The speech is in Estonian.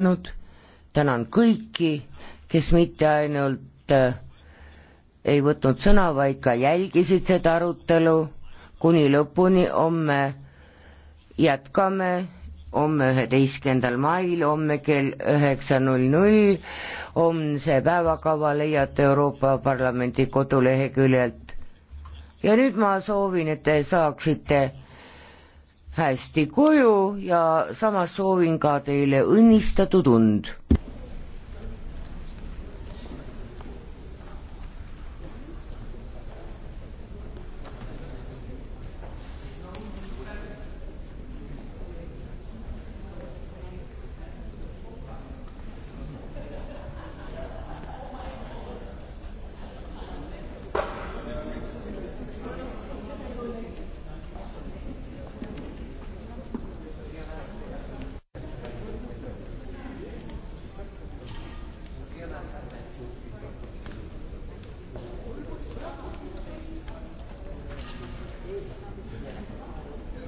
olnud, tänan kõiki, kes mitte ainult äh, ei võtnud sõna, vaid ka jälgisid seda arutelu kuni lõpuni, homme jätkame, homme üheteistkümnendal mail, homme kell üheksa null null, homse päevakava leiate Euroopa Parlamendi koduleheküljelt. ja nüüd ma soovin, et te saaksite hästi koju ja samas soovin ka teile õnnistatud und